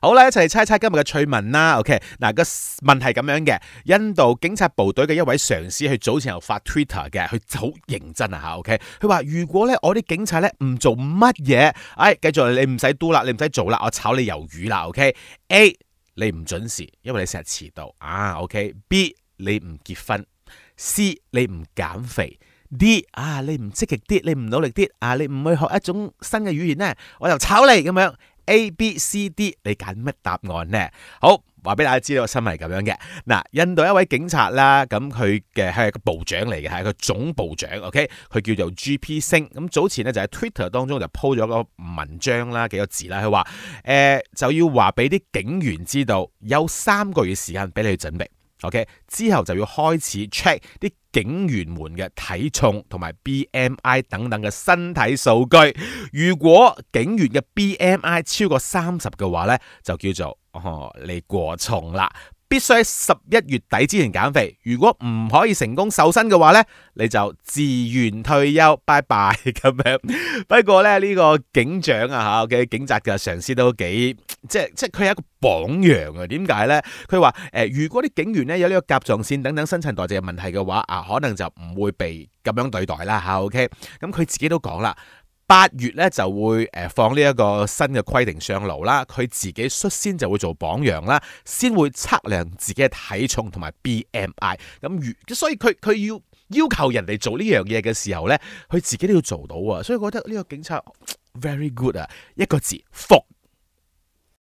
好啦，一齊猜猜今日嘅趣聞啦。OK，嗱個問題係咁樣嘅，印度警察部隊嘅一位上司佢早前又發 Twitter 嘅，佢好認真啊吓。OK，佢話如果咧我啲警察咧唔做乜嘢，哎，繼續你唔使都啦，你唔使做啦，我炒你魷魚啦。OK，A 你唔準時，因為你成日遲到啊。OK，B、okay? 你唔結婚，C 你唔減肥，D 啊你唔積極啲，你唔努力啲啊，你唔、啊、去學一種新嘅語言咧，我又炒你咁樣。A、B、C、D，你揀乜答案呢？好，話俾大家知道個新聞係咁樣嘅。嗱，印度一位警察啦，咁佢嘅係個部長嚟嘅，係個總部長。OK，佢叫做 G P 星。咁早前咧就喺 Twitter 當中就 po 咗個文章啦，幾個字啦，佢話誒就要話俾啲警員知道，有三個月時間俾你去準備。OK，之後就要開始 check 啲警員們嘅體重同埋 BMI 等等嘅身體數據。如果警員嘅 BMI 超過三十嘅話呢，就叫做，哦，你過重啦。必須喺十一月底之前減肥，如果唔可以成功瘦身嘅話呢，你就自願退休，拜拜咁樣。不過呢呢個警長啊吓，嘅警察嘅上司都幾即係即係佢係一個榜樣啊？點解呢？佢話誒，如果啲警員呢有呢個甲狀腺等等新陳代謝嘅問題嘅話啊，可能就唔會被咁樣對待啦吓。OK，咁佢自己都講啦。八月咧就會誒放呢一個新嘅規定上路啦，佢自己率先就會做榜樣啦，先會測量自己嘅體重同埋 BMI。咁如所以佢佢要要求人哋做呢樣嘢嘅時候呢，佢自己都要做到啊！所以覺得呢個警察 very good 啊，一個字，服。